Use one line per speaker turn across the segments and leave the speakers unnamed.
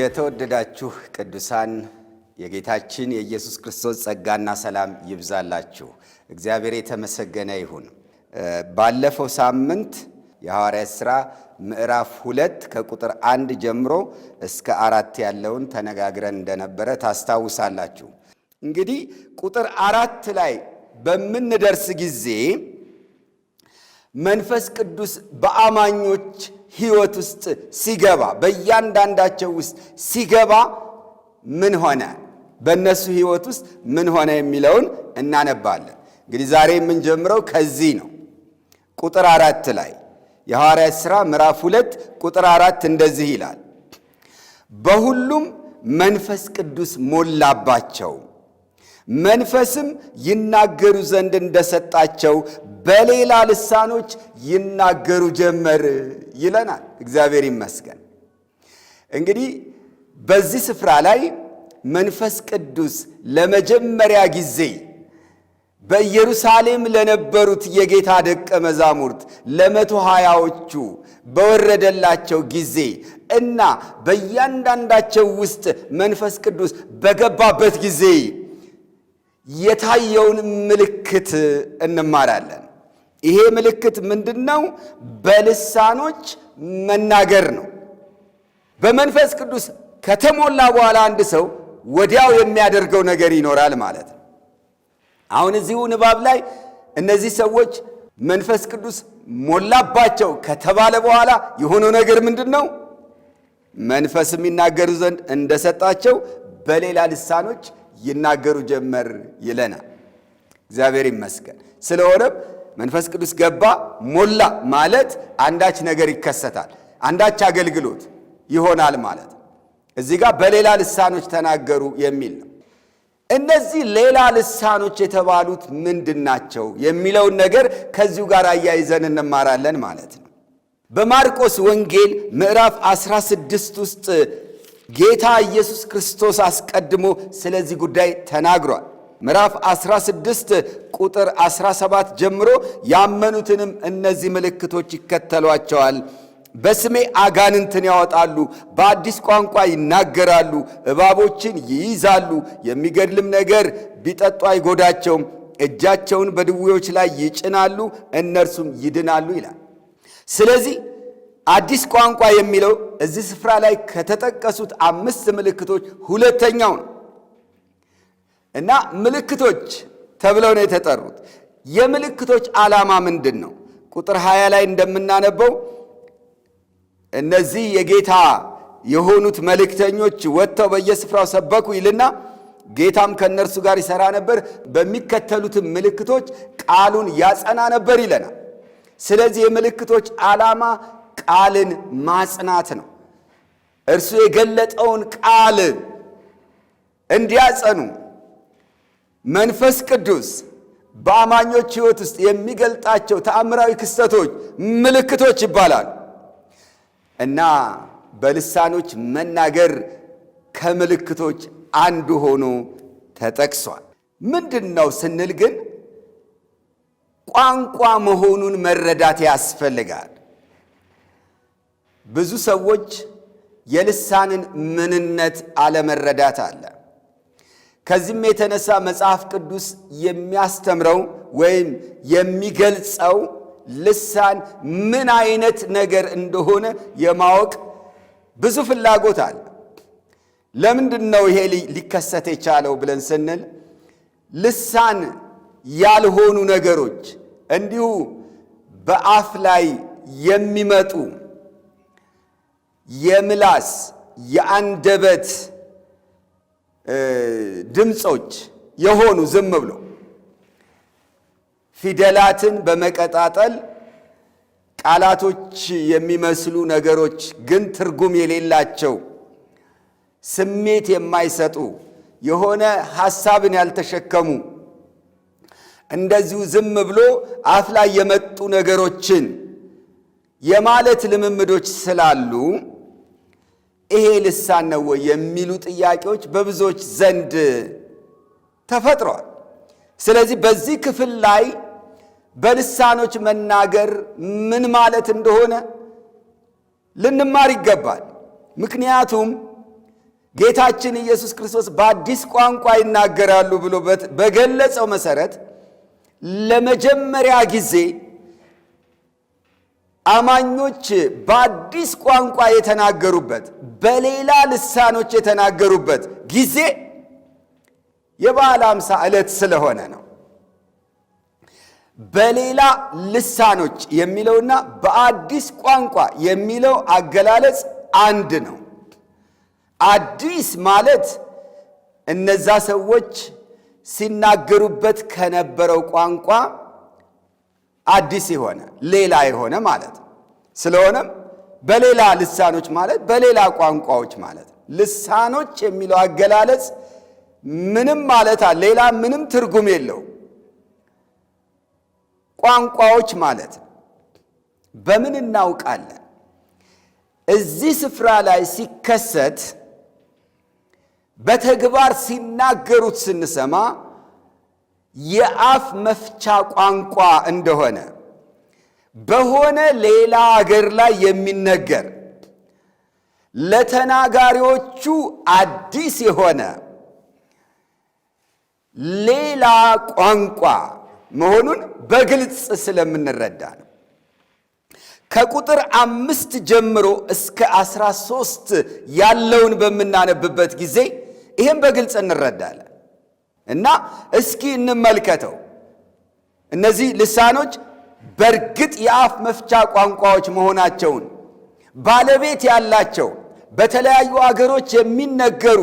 የተወደዳችሁ ቅዱሳን የጌታችን የኢየሱስ ክርስቶስ ጸጋና ሰላም ይብዛላችሁ። እግዚአብሔር የተመሰገነ ይሁን። ባለፈው ሳምንት የሐዋርያት ሥራ ምዕራፍ ሁለት ከቁጥር አንድ ጀምሮ እስከ አራት ያለውን ተነጋግረን እንደነበረ ታስታውሳላችሁ። እንግዲህ ቁጥር አራት ላይ በምንደርስ ጊዜ መንፈስ ቅዱስ በአማኞች ህይወት ውስጥ ሲገባ በእያንዳንዳቸው ውስጥ ሲገባ ምን ሆነ፣ በእነሱ ህይወት ውስጥ ምን ሆነ የሚለውን እናነባለን። እንግዲህ ዛሬ የምንጀምረው ከዚህ ነው። ቁጥር አራት ላይ የሐዋርያት ሥራ ምዕራፍ ሁለት ቁጥር አራት እንደዚህ ይላል፣ በሁሉም መንፈስ ቅዱስ ሞላባቸው መንፈስም ይናገሩ ዘንድ እንደሰጣቸው በሌላ ልሳኖች ይናገሩ ጀመር ይለናል። እግዚአብሔር ይመስገን። እንግዲህ በዚህ ስፍራ ላይ መንፈስ ቅዱስ ለመጀመሪያ ጊዜ በኢየሩሳሌም ለነበሩት የጌታ ደቀ መዛሙርት ለመቶ ሃያዎቹ በወረደላቸው ጊዜ እና በእያንዳንዳቸው ውስጥ መንፈስ ቅዱስ በገባበት ጊዜ የታየውን ምልክት እንማራለን። ይሄ ምልክት ምንድን ነው? በልሳኖች መናገር ነው። በመንፈስ ቅዱስ ከተሞላ በኋላ አንድ ሰው ወዲያው የሚያደርገው ነገር ይኖራል ማለት ነው። አሁን እዚሁ ንባብ ላይ እነዚህ ሰዎች መንፈስ ቅዱስ ሞላባቸው ከተባለ በኋላ የሆነው ነገር ምንድን ነው? መንፈስ የሚናገሩ ዘንድ እንደሰጣቸው በሌላ ልሳኖች ይናገሩ ጀመር ይለናል። እግዚአብሔር ይመስገን። ስለሆነም መንፈስ ቅዱስ ገባ ሞላ ማለት አንዳች ነገር ይከሰታል፣ አንዳች አገልግሎት ይሆናል ማለት እዚህ ጋር በሌላ ልሳኖች ተናገሩ የሚል ነው። እነዚህ ሌላ ልሳኖች የተባሉት ምንድን ናቸው የሚለውን ነገር ከዚሁ ጋር አያይዘን እንማራለን ማለት ነው። በማርቆስ ወንጌል ምዕራፍ 16 ውስጥ ጌታ ኢየሱስ ክርስቶስ አስቀድሞ ስለዚህ ጉዳይ ተናግሯል። ምዕራፍ 16 ቁጥር 17 ጀምሮ ያመኑትንም እነዚህ ምልክቶች ይከተሏቸዋል። በስሜ አጋንንትን ያወጣሉ፣ በአዲስ ቋንቋ ይናገራሉ፣ እባቦችን ይይዛሉ፣ የሚገድልም ነገር ቢጠጡ አይጎዳቸውም፣ እጃቸውን በድዌዎች ላይ ይጭናሉ፣ እነርሱም ይድናሉ ይላል። ስለዚህ አዲስ ቋንቋ የሚለው እዚህ ስፍራ ላይ ከተጠቀሱት አምስት ምልክቶች ሁለተኛው ነው እና ምልክቶች ተብለው ነው የተጠሩት። የምልክቶች ዓላማ ምንድን ነው? ቁጥር ሃያ ላይ እንደምናነበው እነዚህ የጌታ የሆኑት መልእክተኞች ወጥተው በየስፍራው ሰበኩ ይልና ጌታም ከእነርሱ ጋር ይሠራ ነበር፣ በሚከተሉትም ምልክቶች ቃሉን ያጸና ነበር ይለናል። ስለዚህ የምልክቶች ዓላማ ቃልን ማጽናት ነው። እርሱ የገለጠውን ቃል እንዲያጸኑ መንፈስ ቅዱስ በአማኞች ሕይወት ውስጥ የሚገልጣቸው ተአምራዊ ክስተቶች ምልክቶች ይባላል እና በልሳኖች መናገር ከምልክቶች አንዱ ሆኖ ተጠቅሷል። ምንድን ነው ስንል ግን ቋንቋ መሆኑን መረዳት ያስፈልጋል። ብዙ ሰዎች የልሳንን ምንነት አለመረዳት አለ። ከዚህም የተነሳ መጽሐፍ ቅዱስ የሚያስተምረው ወይም የሚገልጸው ልሳን ምን አይነት ነገር እንደሆነ የማወቅ ብዙ ፍላጎት አለ። ለምንድን ነው ይሄ ሊከሰት የቻለው ብለን ስንል ልሳን ያልሆኑ ነገሮች እንዲሁ በአፍ ላይ የሚመጡ የምላስ የአንደበት ድምፆች የሆኑ ዝም ብሎ ፊደላትን በመቀጣጠል ቃላቶች የሚመስሉ ነገሮች ግን ትርጉም የሌላቸው ስሜት የማይሰጡ የሆነ ሐሳብን ያልተሸከሙ እንደዚሁ ዝም ብሎ አፍ ላይ የመጡ ነገሮችን የማለት ልምምዶች ስላሉ ይሄ ልሳን ነው ወይ የሚሉ ጥያቄዎች በብዙዎች ዘንድ ተፈጥረዋል። ስለዚህ በዚህ ክፍል ላይ በልሳኖች መናገር ምን ማለት እንደሆነ ልንማር ይገባል። ምክንያቱም ጌታችን ኢየሱስ ክርስቶስ በአዲስ ቋንቋ ይናገራሉ ብሎ በገለጸው መሰረት ለመጀመሪያ ጊዜ አማኞች በአዲስ ቋንቋ የተናገሩበት በሌላ ልሳኖች የተናገሩበት ጊዜ የበዓለ ሃምሳ ዕለት ስለሆነ ነው። በሌላ ልሳኖች የሚለውና በአዲስ ቋንቋ የሚለው አገላለጽ አንድ ነው። አዲስ ማለት እነዛ ሰዎች ሲናገሩበት ከነበረው ቋንቋ አዲስ የሆነ ሌላ የሆነ ማለት ስለሆነም በሌላ ልሳኖች ማለት በሌላ ቋንቋዎች ማለት ልሳኖች የሚለው አገላለጽ ምንም ማለት ሌላ ምንም ትርጉም የለው። ቋንቋዎች ማለት በምን እናውቃለን? እዚህ ስፍራ ላይ ሲከሰት በተግባር ሲናገሩት ስንሰማ የአፍ መፍቻ ቋንቋ እንደሆነ በሆነ ሌላ አገር ላይ የሚነገር ለተናጋሪዎቹ አዲስ የሆነ ሌላ ቋንቋ መሆኑን በግልጽ ስለምንረዳ ነው። ከቁጥር አምስት ጀምሮ እስከ አስራ ሶስት ያለውን በምናነብበት ጊዜ ይህም በግልጽ እንረዳለን። እና እስኪ እንመልከተው። እነዚህ ልሳኖች በእርግጥ የአፍ መፍቻ ቋንቋዎች መሆናቸውን ባለቤት ያላቸው በተለያዩ አገሮች የሚነገሩ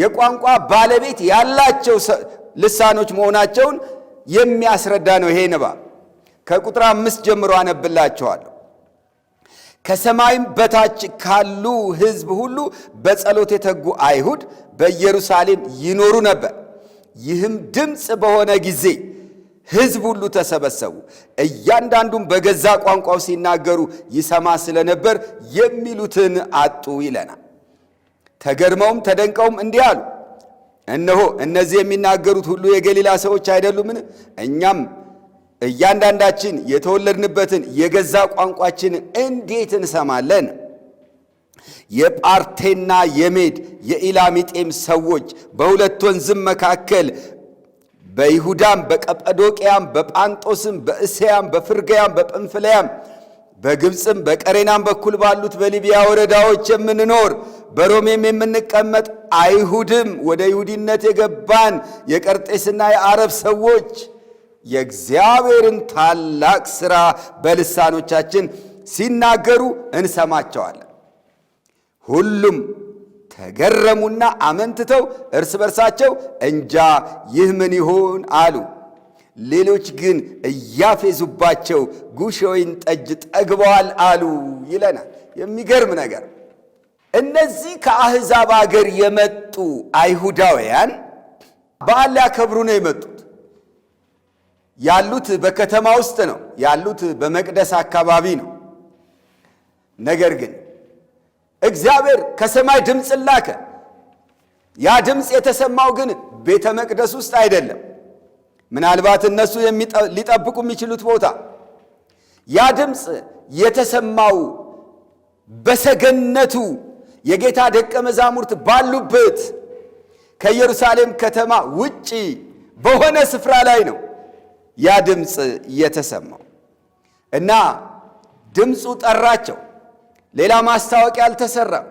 የቋንቋ ባለቤት ያላቸው ልሳኖች መሆናቸውን የሚያስረዳ ነው ይሄ ንባብ። ከቁጥር አምስት ጀምሮ አነብላችኋለሁ። ከሰማይም በታች ካሉ ሕዝብ ሁሉ በጸሎት የተጉ አይሁድ በኢየሩሳሌም ይኖሩ ነበር። ይህም ድምፅ በሆነ ጊዜ ሕዝብ ሁሉ ተሰበሰቡ፣ እያንዳንዱም በገዛ ቋንቋው ሲናገሩ ይሰማ ስለነበር የሚሉትን አጡ ይለናል። ተገርመውም ተደንቀውም እንዲህ አሉ፣ እነሆ እነዚህ የሚናገሩት ሁሉ የገሊላ ሰዎች አይደሉምን? እኛም እያንዳንዳችን የተወለድንበትን የገዛ ቋንቋችን እንዴት እንሰማለን? የጳርቴና የሜድ የኢላሚጤም ሰዎች በሁለት ወንዝም መካከል በይሁዳም በቀጰዶቅያም በጳንጦስም በእስያም በፍርጋያም፣ በጵንፍልያም በግብፅም በቀሬናም በኩል ባሉት በሊቢያ ወረዳዎች የምንኖር በሮሜም የምንቀመጥ አይሁድም ወደ ይሁዲነት የገባን የቀርጤስና የአረብ ሰዎች የእግዚአብሔርን ታላቅ ሥራ በልሳኖቻችን ሲናገሩ እንሰማቸዋለን። ሁሉም ተገረሙና አመንትተው እርስ በርሳቸው እንጃ ይህ ምን ይሆን አሉ። ሌሎች ግን እያፌዙባቸው ጉሽ ወይን ጠጅ ጠግበዋል አሉ ይለናል። የሚገርም ነገር እነዚህ ከአሕዛብ አገር የመጡ አይሁዳውያን በዓል ሊያከብሩ ነው የመጡት። ያሉት በከተማ ውስጥ ነው ያሉት፣ በመቅደስ አካባቢ ነው። ነገር ግን እግዚአብሔር ከሰማይ ድምፅ ላከ። ያ ድምፅ የተሰማው ግን ቤተ መቅደስ ውስጥ አይደለም። ምናልባት እነሱ ሊጠብቁ የሚችሉት ቦታ። ያ ድምፅ የተሰማው በሰገነቱ የጌታ ደቀ መዛሙርት ባሉበት ከኢየሩሳሌም ከተማ ውጪ በሆነ ስፍራ ላይ ነው ያ ድምፅ የተሰማው እና ድምፁ ጠራቸው። ሌላ ማስታወቂያ አልተሰራም።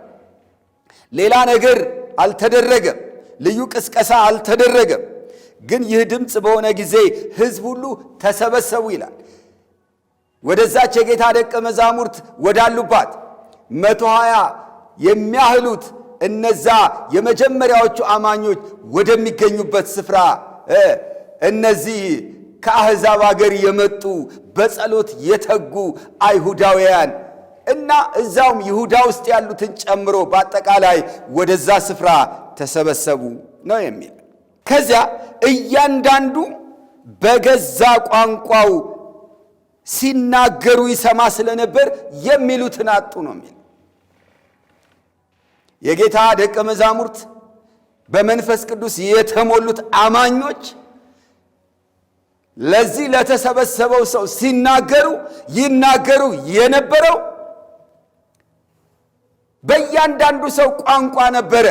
ሌላ ነገር አልተደረገም። ልዩ ቅስቀሳ አልተደረገም። ግን ይህ ድምፅ በሆነ ጊዜ ሕዝብ ሁሉ ተሰበሰቡ ይላል። ወደዛች የጌታ ደቀ መዛሙርት ወዳሉባት መቶ ሀያ የሚያህሉት እነዛ የመጀመሪያዎቹ አማኞች ወደሚገኙበት ስፍራ እነዚህ ከአሕዛብ አገር የመጡ በጸሎት የተጉ አይሁዳውያን እና እዛውም ይሁዳ ውስጥ ያሉትን ጨምሮ በአጠቃላይ ወደዛ ስፍራ ተሰበሰቡ ነው የሚል። ከዚያ እያንዳንዱ በገዛ ቋንቋው ሲናገሩ ይሰማ ስለነበር የሚሉትን አጡ ነው የሚል። የጌታ ደቀ መዛሙርት በመንፈስ ቅዱስ የተሞሉት አማኞች ለዚህ ለተሰበሰበው ሰው ሲናገሩ ይናገሩ የነበረው በእያንዳንዱ ሰው ቋንቋ ነበረ።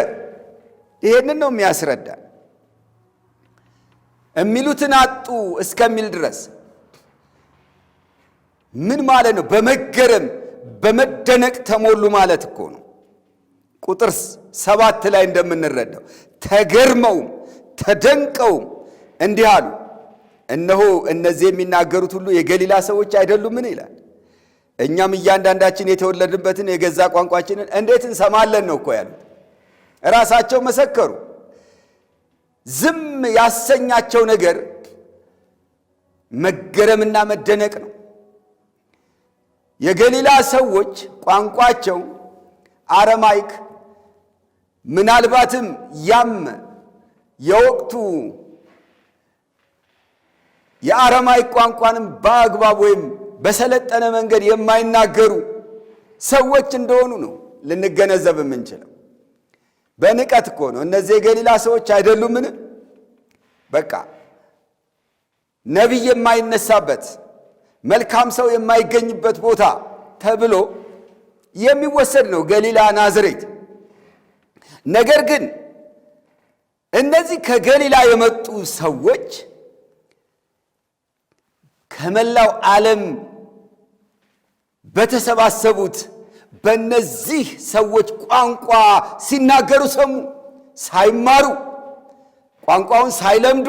ይሄንን ነው የሚያስረዳ። የሚሉትን አጡ እስከሚል ድረስ ምን ማለት ነው? በመገረም በመደነቅ ተሞሉ ማለት እኮ ነው። ቁጥር ሰባት ላይ እንደምንረዳው ተገርመውም ተደንቀውም እንዲህ አሉ፣ እነሆ እነዚህ የሚናገሩት ሁሉ የገሊላ ሰዎች አይደሉምን? ይላል እኛም እያንዳንዳችን የተወለድንበትን የገዛ ቋንቋችንን እንዴት እንሰማለን ነው እኮ ያሉት። እራሳቸው መሰከሩ። ዝም ያሰኛቸው ነገር መገረምና መደነቅ ነው። የገሊላ ሰዎች ቋንቋቸው አረማይክ፣ ምናልባትም ያም የወቅቱ የአረማይክ ቋንቋንም በአግባብ ወይም በሰለጠነ መንገድ የማይናገሩ ሰዎች እንደሆኑ ነው ልንገነዘብ የምንችለው። በንቀት እኮ ነው እነዚህ የገሊላ ሰዎች አይደሉምን? በቃ ነቢይ የማይነሳበት መልካም ሰው የማይገኝበት ቦታ ተብሎ የሚወሰድ ነው ገሊላ ናዝሬት። ነገር ግን እነዚህ ከገሊላ የመጡ ሰዎች ከመላው ዓለም በተሰባሰቡት በእነዚህ ሰዎች ቋንቋ ሲናገሩ ሰሙ። ሳይማሩ ቋንቋውን ሳይለምዱ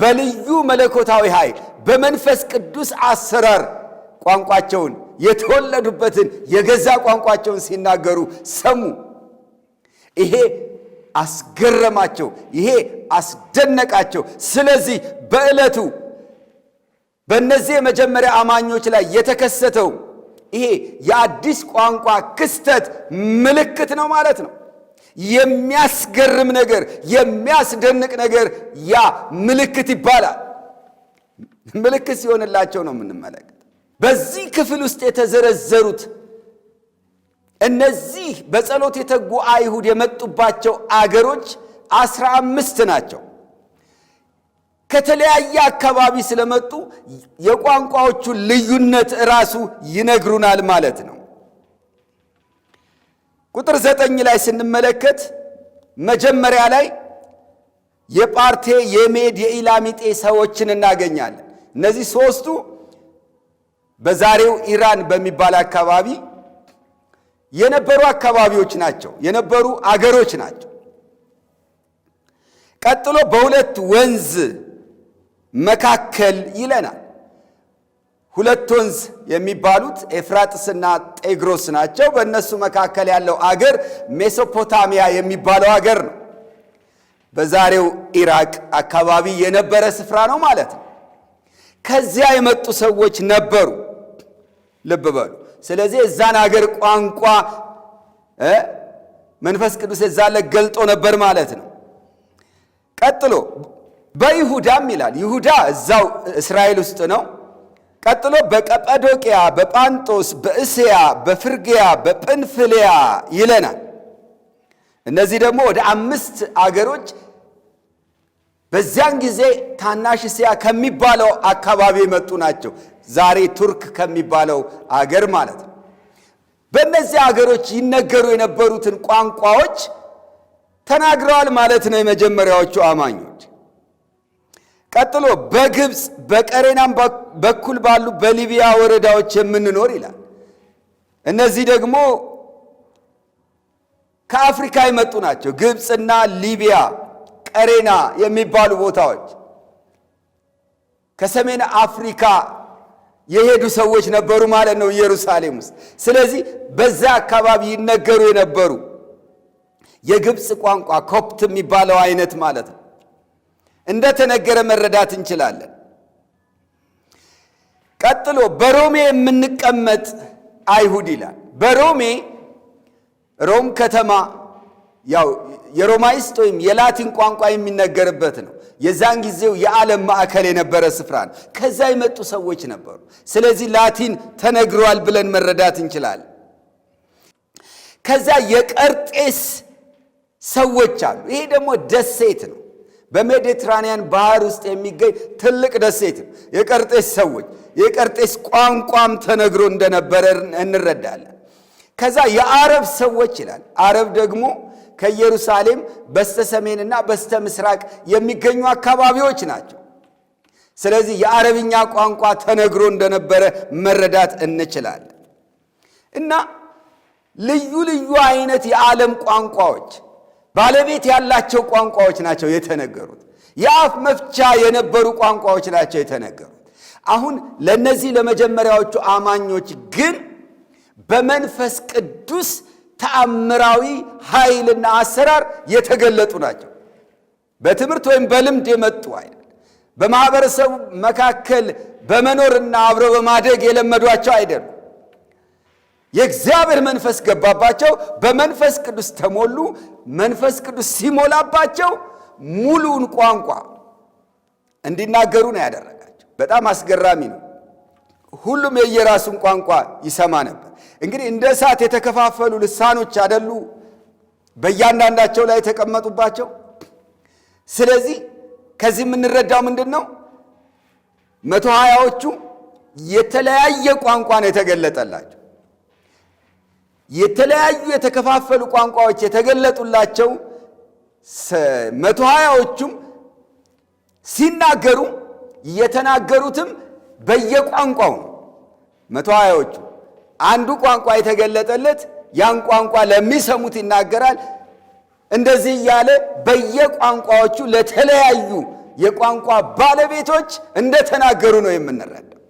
በልዩ መለኮታዊ ኃይል በመንፈስ ቅዱስ አሰራር ቋንቋቸውን የተወለዱበትን የገዛ ቋንቋቸውን ሲናገሩ ሰሙ። ይሄ አስገረማቸው፣ ይሄ አስደነቃቸው። ስለዚህ በዕለቱ በእነዚህ የመጀመሪያ አማኞች ላይ የተከሰተው ይሄ የአዲስ ቋንቋ ክስተት ምልክት ነው ማለት ነው። የሚያስገርም ነገር፣ የሚያስደንቅ ነገር ያ ምልክት ይባላል። ምልክት ሲሆንላቸው ነው የምንመለከት። በዚህ ክፍል ውስጥ የተዘረዘሩት እነዚህ በጸሎት የተጉ አይሁድ የመጡባቸው አገሮች አስራ አምስት ናቸው። ከተለያየ አካባቢ ስለመጡ የቋንቋዎቹ ልዩነት ራሱ ይነግሩናል ማለት ነው። ቁጥር ዘጠኝ ላይ ስንመለከት መጀመሪያ ላይ የጳርቴ፣ የሜድ፣ የኢላሚጤ ሰዎችን እናገኛለን። እነዚህ ሶስቱ በዛሬው ኢራን በሚባል አካባቢ የነበሩ አካባቢዎች ናቸው፣ የነበሩ አገሮች ናቸው። ቀጥሎ በሁለት ወንዝ መካከል ይለናል። ሁለት ወንዝ የሚባሉት ኤፍራጥስና ጤግሮስ ናቸው። በእነሱ መካከል ያለው አገር ሜሶፖታሚያ የሚባለው አገር ነው። በዛሬው ኢራቅ አካባቢ የነበረ ስፍራ ነው ማለት ነው። ከዚያ የመጡ ሰዎች ነበሩ። ልብ በሉ። ስለዚህ የዛን አገር ቋንቋ መንፈስ ቅዱስ የዛለ ገልጦ ነበር ማለት ነው። ቀጥሎ በይሁዳም ይላል። ይሁዳ እዛው እስራኤል ውስጥ ነው። ቀጥሎ በቀጳዶቅያ፣ በጳንጦስ፣ በእስያ፣ በፍርግያ፣ በጵንፍልያ ይለናል። እነዚህ ደግሞ ወደ አምስት አገሮች በዚያን ጊዜ ታናሽ እስያ ከሚባለው አካባቢ የመጡ ናቸው። ዛሬ ቱርክ ከሚባለው አገር ማለት ነው። በእነዚህ አገሮች ይነገሩ የነበሩትን ቋንቋዎች ተናግረዋል ማለት ነው የመጀመሪያዎቹ አማኞች። ቀጥሎ በግብፅ በቀሬናም በኩል ባሉ በሊቢያ ወረዳዎች የምንኖር ይላል። እነዚህ ደግሞ ከአፍሪካ የመጡ ናቸው። ግብፅና ሊቢያ ቀሬና የሚባሉ ቦታዎች ከሰሜን አፍሪካ የሄዱ ሰዎች ነበሩ ማለት ነው ኢየሩሳሌም ውስጥ። ስለዚህ በዛ አካባቢ ይነገሩ የነበሩ የግብፅ ቋንቋ ኮፕት የሚባለው አይነት ማለት ነው እንደተነገረ መረዳት እንችላለን። ቀጥሎ በሮሜ የምንቀመጥ አይሁድ ይላል። በሮሜ ሮም ከተማ ያው የሮማይስጥ ወይም የላቲን ቋንቋ የሚነገርበት ነው። የዛን ጊዜው የዓለም ማዕከል የነበረ ስፍራ ነው። ከዛ የመጡ ሰዎች ነበሩ። ስለዚህ ላቲን ተነግሯል ብለን መረዳት እንችላለን። ከዛ የቀርጤስ ሰዎች አሉ። ይሄ ደግሞ ደሴት ነው። በሜዲትራኒያን ባህር ውስጥ የሚገኝ ትልቅ ደሴት ነው። የቀርጤስ ሰዎች የቀርጤስ ቋንቋም ተነግሮ እንደነበረ እንረዳለን። ከዛ የአረብ ሰዎች ይላል። አረብ ደግሞ ከኢየሩሳሌም በስተ ሰሜንና በስተ ምስራቅ የሚገኙ አካባቢዎች ናቸው። ስለዚህ የአረብኛ ቋንቋ ተነግሮ እንደነበረ መረዳት እንችላለን እና ልዩ ልዩ አይነት የዓለም ቋንቋዎች ባለቤት ያላቸው ቋንቋዎች ናቸው የተነገሩት። የአፍ መፍቻ የነበሩ ቋንቋዎች ናቸው የተነገሩት። አሁን ለእነዚህ ለመጀመሪያዎቹ አማኞች ግን በመንፈስ ቅዱስ ተአምራዊ ኃይልና አሰራር የተገለጡ ናቸው። በትምህርት ወይም በልምድ የመጡ አይደል። በማኅበረሰቡ መካከል በመኖርና አብረው በማደግ የለመዷቸው አይደሉም። የእግዚአብሔር መንፈስ ገባባቸው። በመንፈስ ቅዱስ ተሞሉ። መንፈስ ቅዱስ ሲሞላባቸው ሙሉውን ቋንቋ እንዲናገሩ ነው ያደረጋቸው። በጣም አስገራሚ ነው። ሁሉም የየራሱን ቋንቋ ይሰማ ነበር። እንግዲህ እንደ እሳት የተከፋፈሉ ልሳኖች አደሉ በእያንዳንዳቸው ላይ የተቀመጡባቸው። ስለዚህ ከዚህ የምንረዳው ምንድን ነው? መቶ ሀያዎቹ የተለያየ ቋንቋ ነው የተገለጠላቸው። የተለያዩ የተከፋፈሉ ቋንቋዎች የተገለጡላቸው መቶ ሀያዎቹም ሲናገሩ የተናገሩትም በየቋንቋው ነው። መቶ ሀያዎቹ አንዱ ቋንቋ የተገለጠለት ያን ቋንቋ ለሚሰሙት ይናገራል። እንደዚህ እያለ በየቋንቋዎቹ ለተለያዩ የቋንቋ ባለቤቶች እንደተናገሩ ነው የምንረዳው።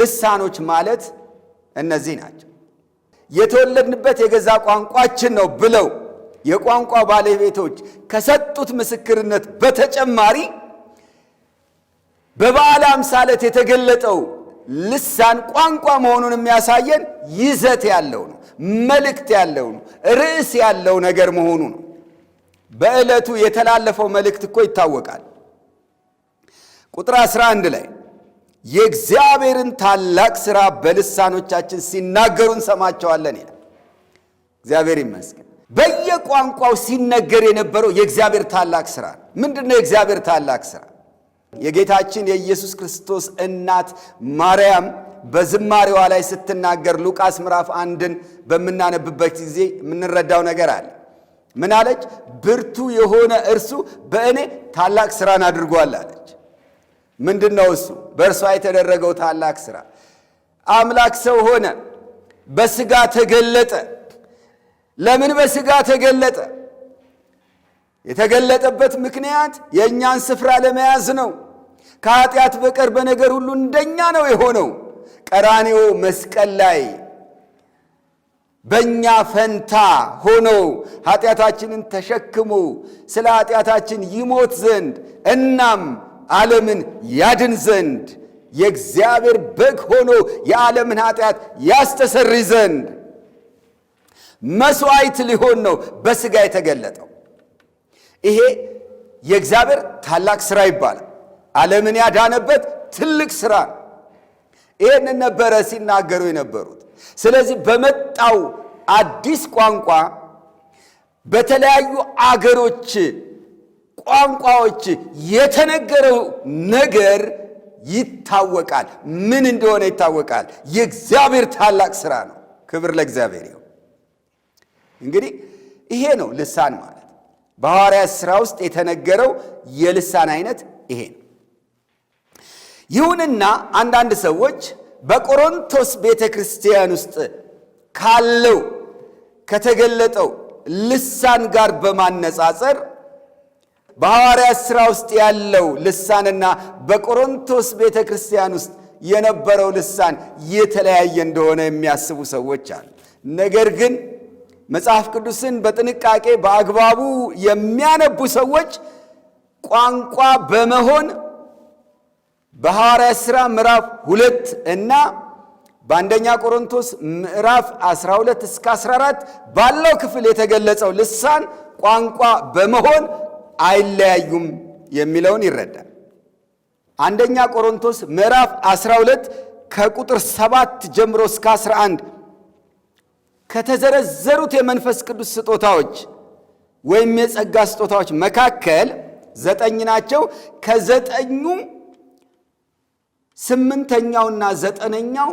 ልሳኖች ማለት እነዚህ ናቸው። የተወለድንበት የገዛ ቋንቋችን ነው ብለው የቋንቋ ባለቤቶች ከሰጡት ምስክርነት በተጨማሪ በበዓለ አምሳለት የተገለጠው ልሳን ቋንቋ መሆኑን የሚያሳየን ይዘት ያለው ነው፣ መልእክት ያለው ነው፣ ርዕስ ያለው ነገር መሆኑ ነው። በዕለቱ የተላለፈው መልእክት እኮ ይታወቃል። ቁጥር 11 ላይ የእግዚአብሔርን ታላቅ ሥራ በልሳኖቻችን ሲናገሩ እንሰማቸዋለን ይላል። እግዚአብሔር ይመስገን። በየቋንቋው ሲነገር የነበረው የእግዚአብሔር ታላቅ ሥራ ነው። ምንድን ነው የእግዚአብሔር ታላቅ ሥራ? የጌታችን የኢየሱስ ክርስቶስ እናት ማርያም በዝማሬዋ ላይ ስትናገር ሉቃስ ምዕራፍ አንድን በምናነብበት ጊዜ የምንረዳው ነገር አለ። ምን አለች? ብርቱ የሆነ እርሱ በእኔ ታላቅ ሥራን አድርጓል አለች። ምንድን ነው እሱ? በእርሷ የተደረገው ታላቅ ሥራ አምላክ ሰው ሆነ፣ በስጋ ተገለጠ። ለምን በስጋ ተገለጠ? የተገለጠበት ምክንያት የእኛን ስፍራ ለመያዝ ነው። ከኃጢአት በቀር በነገር ሁሉ እንደኛ ነው የሆነው። ቀራኔው መስቀል ላይ በእኛ ፈንታ ሆኖ ኃጢአታችንን ተሸክሞ ስለ ኃጢአታችን ይሞት ዘንድ እናም ዓለምን ያድን ዘንድ የእግዚአብሔር በግ ሆኖ የዓለምን ኃጢአት ያስተሰሪ ዘንድ መሥዋዕት ሊሆን ነው በሥጋ የተገለጠው። ይሄ የእግዚአብሔር ታላቅ ሥራ ይባላል። ዓለምን ያዳነበት ትልቅ ሥራ ነው። ይህንን ነበረ ሲናገሩ የነበሩት። ስለዚህ በመጣው አዲስ ቋንቋ በተለያዩ አገሮች ቋንቋዎች የተነገረው ነገር ይታወቃል። ምን እንደሆነ ይታወቃል። የእግዚአብሔር ታላቅ ስራ ነው። ክብር ለእግዚአብሔር ይሁን። እንግዲህ ይሄ ነው ልሳን ማለት። በሐዋርያት ሥራ ውስጥ የተነገረው የልሳን አይነት ይሄ ነው። ይሁንና አንዳንድ ሰዎች በቆሮንቶስ ቤተ ክርስቲያን ውስጥ ካለው ከተገለጠው ልሳን ጋር በማነጻጸር በሐዋርያት ሥራ ውስጥ ያለው ልሳንና በቆሮንቶስ ቤተ ክርስቲያን ውስጥ የነበረው ልሳን የተለያየ እንደሆነ የሚያስቡ ሰዎች አሉ። ነገር ግን መጽሐፍ ቅዱስን በጥንቃቄ በአግባቡ የሚያነቡ ሰዎች ቋንቋ በመሆን በሐዋርያት ሥራ ምዕራፍ ሁለት እና በአንደኛ ቆሮንቶስ ምዕራፍ 12 እስከ 14 ባለው ክፍል የተገለጸው ልሳን ቋንቋ በመሆን አይለያዩም የሚለውን ይረዳል። አንደኛ ቆሮንቶስ ምዕራፍ 12 ከቁጥር 7 ጀምሮ እስከ 11 ከተዘረዘሩት የመንፈስ ቅዱስ ስጦታዎች ወይም የጸጋ ስጦታዎች መካከል ዘጠኝ ናቸው። ከዘጠኙ ስምንተኛውና ዘጠነኛው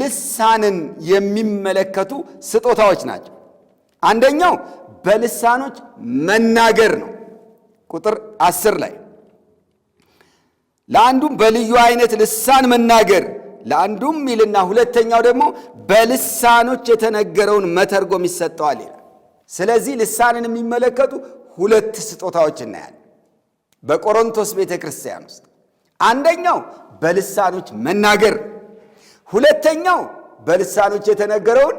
ልሳንን የሚመለከቱ ስጦታዎች ናቸው። አንደኛው በልሳኖች መናገር ነው። ቁጥር አስር ላይ ለአንዱም በልዩ አይነት ልሳን መናገር ለአንዱም ሚልና ሁለተኛው ደግሞ በልሳኖች የተነገረውን መተርጎም ይሰጠዋል ይላል። ስለዚህ ልሳንን የሚመለከቱ ሁለት ስጦታዎች እናያለን በቆሮንቶስ ቤተ ክርስቲያን ውስጥ። አንደኛው በልሳኖች መናገር፣ ሁለተኛው በልሳኖች የተነገረውን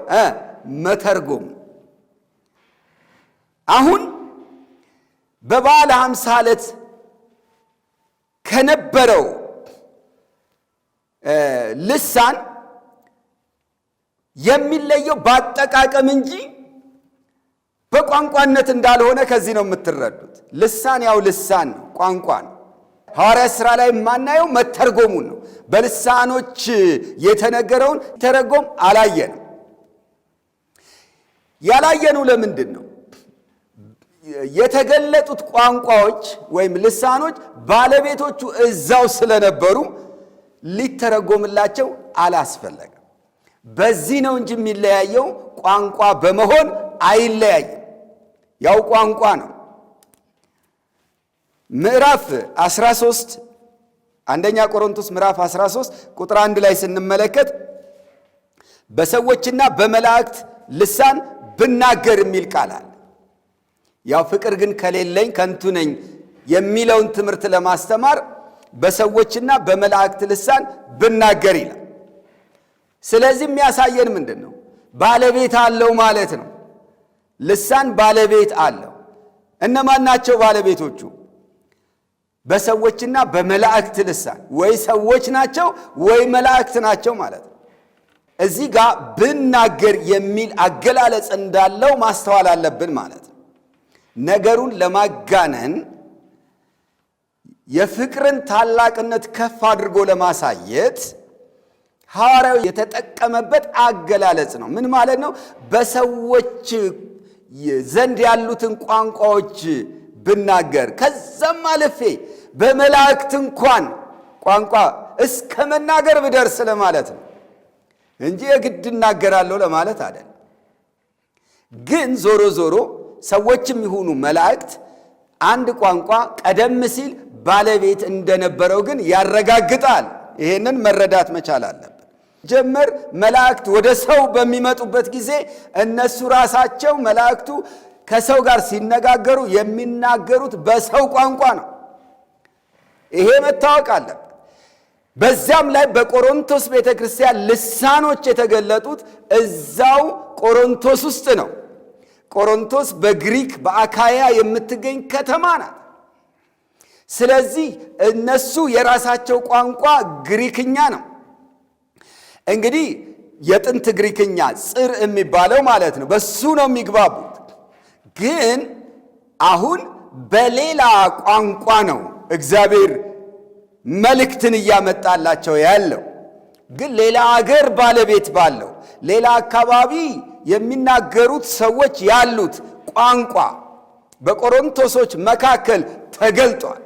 መተርጎም። አሁን በበዓለ ሃምሳ ዕለት ከነበረው ልሳን የሚለየው በአጠቃቀም እንጂ በቋንቋነት እንዳልሆነ ከዚህ ነው የምትረዱት። ልሳን ያው ልሳን ነው፣ ቋንቋ ነው። ሐዋርያ ሥራ ላይ የማናየው መተርጎሙን ነው። በልሳኖች የተነገረውን ተረጎም አላየንም። ያላየነው ለምንድን ነው? የተገለጡት ቋንቋዎች ወይም ልሳኖች ባለቤቶቹ እዛው ስለነበሩ ሊተረጎምላቸው አላስፈለገም። በዚህ ነው እንጂ የሚለያየው ቋንቋ በመሆን አይለያይም። ያው ቋንቋ ነው። ምዕራፍ 13 አንደኛ ቆሮንቶስ ምዕራፍ 13 ቁጥር 1 ላይ ስንመለከት በሰዎችና በመላእክት ልሳን ብናገር የሚል ቃል አለ። ያው ፍቅር ግን ከሌለኝ ከንቱ ነኝ የሚለውን ትምህርት ለማስተማር በሰዎችና በመላእክት ልሳን ብናገር ይላል። ስለዚህ የሚያሳየን ምንድን ነው? ባለቤት አለው ማለት ነው። ልሳን ባለቤት አለው። እነማን ናቸው ባለቤቶቹ? በሰዎችና በመላእክት ልሳን ወይ ሰዎች ናቸው ወይ መላእክት ናቸው ማለት ነው። እዚህ ጋር ብናገር የሚል አገላለጽ እንዳለው ማስተዋል አለብን ማለት ነው። ነገሩን ለማጋነን የፍቅርን ታላቅነት ከፍ አድርጎ ለማሳየት ሐዋርያው የተጠቀመበት አገላለጽ ነው። ምን ማለት ነው? በሰዎች ዘንድ ያሉትን ቋንቋዎች ብናገር ከዛም አልፌ በመላእክት እንኳን ቋንቋ እስከ መናገር ብደርስ ለማለት ነው እንጂ የግድ እናገራለሁ ለማለት አይደለም። ግን ዞሮ ዞሮ ሰዎችም ይሁኑ መላእክት አንድ ቋንቋ ቀደም ሲል ባለቤት እንደነበረው ግን ያረጋግጣል። ይሄንን መረዳት መቻል አለብን። ጀመር መላእክት ወደ ሰው በሚመጡበት ጊዜ እነሱ ራሳቸው መላእክቱ ከሰው ጋር ሲነጋገሩ የሚናገሩት በሰው ቋንቋ ነው። ይሄ መታወቅ አለብን። በዚያም ላይ በቆሮንቶስ ቤተ ክርስቲያን ልሳኖች የተገለጡት እዛው ቆሮንቶስ ውስጥ ነው። ቆሮንቶስ በግሪክ በአካያ የምትገኝ ከተማ ናት። ስለዚህ እነሱ የራሳቸው ቋንቋ ግሪክኛ ነው። እንግዲህ የጥንት ግሪክኛ ጽር የሚባለው ማለት ነው። በሱ ነው የሚግባቡት። ግን አሁን በሌላ ቋንቋ ነው እግዚአብሔር መልእክትን እያመጣላቸው ያለው። ግን ሌላ አገር ባለቤት ባለው ሌላ አካባቢ የሚናገሩት ሰዎች ያሉት ቋንቋ በቆሮንቶሶች መካከል ተገልጧል።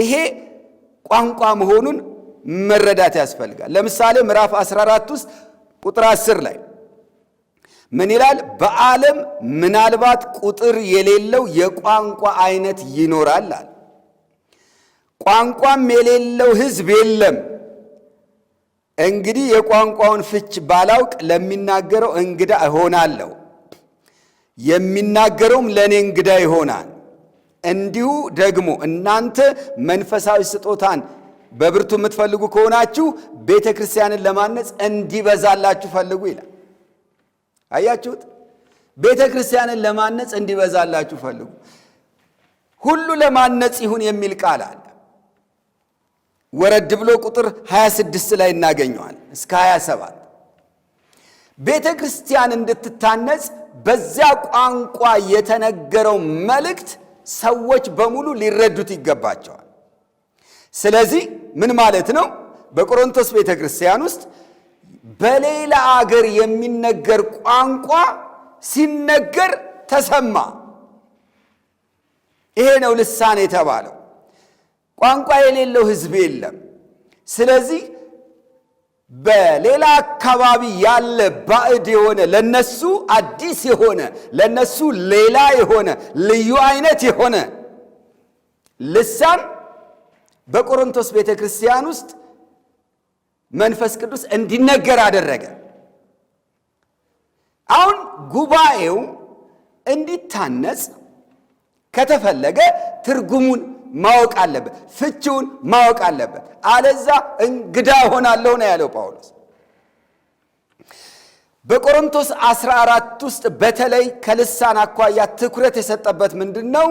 ይሄ ቋንቋ መሆኑን መረዳት ያስፈልጋል። ለምሳሌ ምዕራፍ 14 ውስጥ ቁጥር 10 ላይ ምን ይላል? በዓለም ምናልባት ቁጥር የሌለው የቋንቋ አይነት ይኖራል አለ። ቋንቋም የሌለው ሕዝብ የለም እንግዲህ የቋንቋውን ፍች ባላውቅ ለሚናገረው እንግዳ እሆናለሁ፣ የሚናገረውም ለእኔ እንግዳ ይሆናል። እንዲሁ ደግሞ እናንተ መንፈሳዊ ስጦታን በብርቱ የምትፈልጉ ከሆናችሁ ቤተ ክርስቲያንን ለማነጽ እንዲበዛላችሁ ፈልጉ ይላል። አያችሁት? ቤተ ክርስቲያንን ለማነጽ እንዲበዛላችሁ ፈልጉ። ሁሉ ለማነጽ ይሁን የሚል ቃል አለ። ወረድ ብሎ ቁጥር 26 ላይ እናገኘዋል እስከ 27 ቤተ ክርስቲያን እንድትታነጽ በዚያ ቋንቋ የተነገረው መልእክት ሰዎች በሙሉ ሊረዱት ይገባቸዋል። ስለዚህ ምን ማለት ነው? በቆሮንቶስ ቤተ ክርስቲያን ውስጥ በሌላ አገር የሚነገር ቋንቋ ሲነገር ተሰማ። ይሄ ነው ልሳን የተባለው። ቋንቋ የሌለው ህዝብ የለም። ስለዚህ በሌላ አካባቢ ያለ ባዕድ የሆነ ለነሱ አዲስ የሆነ ለነሱ ሌላ የሆነ ልዩ አይነት የሆነ ልሳን በቆሮንቶስ ቤተ ክርስቲያን ውስጥ መንፈስ ቅዱስ እንዲነገር አደረገ። አሁን ጉባኤው እንዲታነጽ ከተፈለገ ትርጉሙን ማወቅ አለበት፣ ፍቺውን ማወቅ አለበት። አለዛ እንግዳ ሆናለሁ ነው ያለው ጳውሎስ። በቆሮንቶስ 14 ውስጥ በተለይ ከልሳን አኳያ ትኩረት የሰጠበት ምንድን ነው?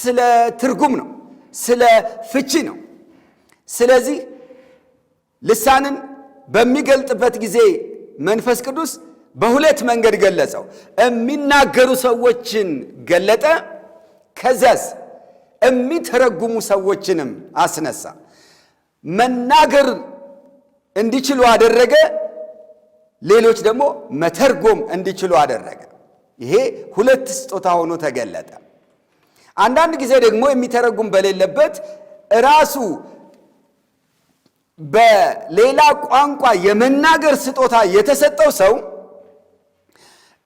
ስለ ትርጉም ነው፣ ስለ ፍቺ ነው። ስለዚህ ልሳንን በሚገልጥበት ጊዜ መንፈስ ቅዱስ በሁለት መንገድ ገለጸው። የሚናገሩ ሰዎችን ገለጠ። ከዚያስ የሚተረጉሙ ሰዎችንም አስነሳ። መናገር እንዲችሉ አደረገ። ሌሎች ደግሞ መተርጎም እንዲችሉ አደረገ። ይሄ ሁለት ስጦታ ሆኖ ተገለጠ። አንዳንድ ጊዜ ደግሞ የሚተረጉም በሌለበት ራሱ በሌላ ቋንቋ የመናገር ስጦታ የተሰጠው ሰው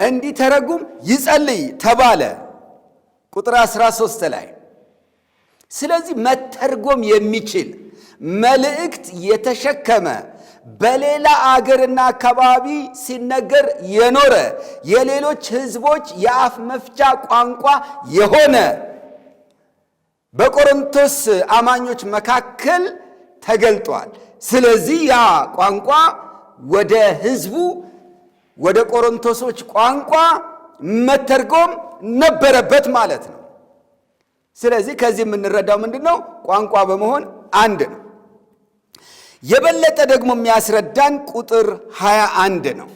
እንዲተረጉም ይጸልይ ተባለ። ቁጥር 13 ላይ ስለዚህ መተርጎም የሚችል መልእክት የተሸከመ በሌላ አገርና አካባቢ ሲነገር የኖረ የሌሎች ሕዝቦች የአፍ መፍቻ ቋንቋ የሆነ በቆሮንቶስ አማኞች መካከል ተገልጧል። ስለዚህ ያ ቋንቋ ወደ ሕዝቡ ወደ ቆሮንቶሶች ቋንቋ መተርጎም ነበረበት ማለት ነው። ስለዚህ ከዚህ የምንረዳው ምንድን ነው? ቋንቋ በመሆን አንድ ነው። የበለጠ ደግሞ የሚያስረዳን ቁጥር 21 አንድ ነው።